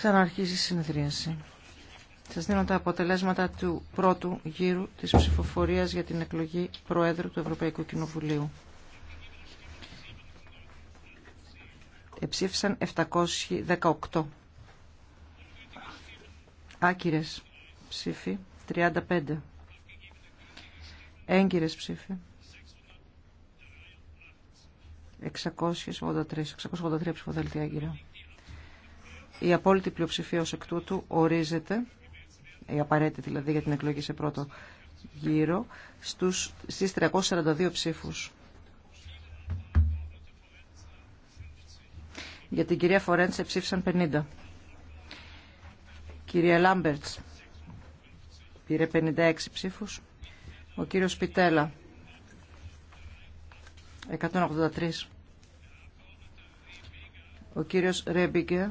Ξαναρχίζει η συνεδρίαση. Σας δίνω τα αποτελέσματα του πρώτου γύρου της ψηφοφορίας για την εκλογή Προέδρου του Ευρωπαϊκού Κοινοβουλίου. Εψήφισαν 718. Άκυρες ψήφοι 35. Έγκυρες ψήφοι 683, 683 ψηφοδελτία γύρω. Η απόλυτη πλειοψηφία ως εκ τούτου ορίζεται, η απαραίτητη δηλαδή για την εκλογή σε πρώτο γύρο, στους, στις 342 ψήφους. Για την κυρία Φορέντσε ψήφισαν 50. Κυρία Λάμπερτς πήρε 56 ψήφους. Ο κύριος Πιτέλα 183. Ο κύριος Ρέμπιγκε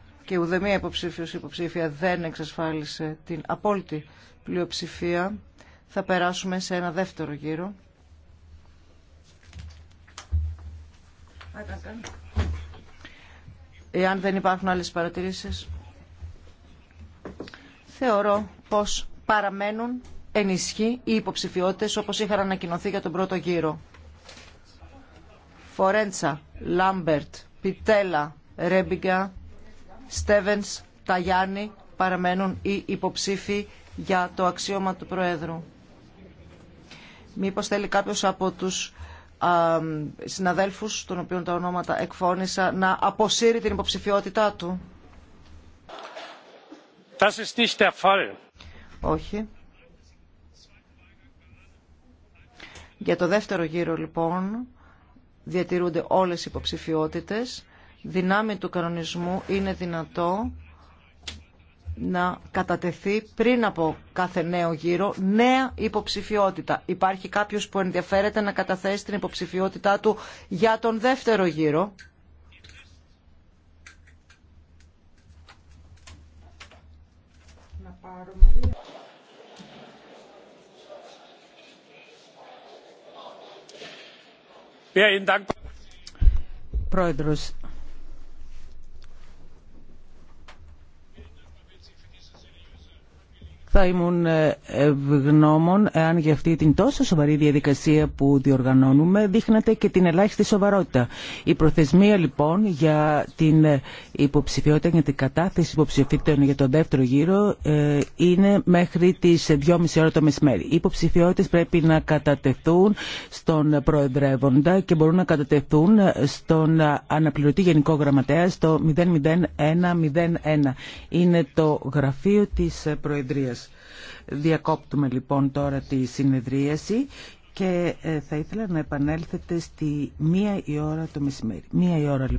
και ουδεμία υποψήφιος υποψήφια δεν εξασφάλισε την απόλυτη πλειοψηφία, θα περάσουμε σε ένα δεύτερο γύρο. Εάν δεν υπάρχουν άλλες παρατηρήσεις, θεωρώ πως παραμένουν ενισχύ οι υποψηφιότητες όπως είχαν ανακοινωθεί για τον πρώτο γύρο. Φορέντσα, Λάμπερτ, Πιτέλα, Ρέμπιγκα, Στέβενς, Ταγιάννη παραμένουν οι υποψήφοι για το αξίωμα του Προέδρου. Μήπως θέλει κάποιος από τους α, συναδέλφους, των οποίων τα ονόματα εκφώνησα, να αποσύρει την υποψηφιότητά του. Das ist nicht Όχι. Για το δεύτερο γύρο, λοιπόν, διατηρούνται όλες οι υποψηφιότητες δυνάμει του κανονισμού είναι δυνατό να κατατεθεί πριν από κάθε νέο γύρο νέα υποψηφιότητα. Υπάρχει κάποιος που ενδιαφέρεται να καταθέσει την υποψηφιότητά του για τον δεύτερο γύρο. Πρόεδρος, Θα ήμουν ε, ευγνώμων εάν για αυτή την τόσο σοβαρή διαδικασία που διοργανώνουμε δείχνατε και την ελάχιστη σοβαρότητα. Η προθεσμία λοιπόν για την ε, υποψηφιότητα για την κατάθεση υποψηφίων για τον δεύτερο γύρο ε, είναι μέχρι τις 2.30 ώρα το μεσημέρι. Οι υποψηφιότητες πρέπει να κατατεθούν στον προεδρεύοντα και μπορούν να κατατεθούν στον αναπληρωτή γενικό γραμματέα στο 00101. Είναι το γραφείο της Προεδρίας. Διακόπτουμε λοιπόν τώρα τη συνεδρίαση και ε, θα ήθελα να επανέλθετε στη μία η ώρα το μεσημέρι. Μία λοιπόν.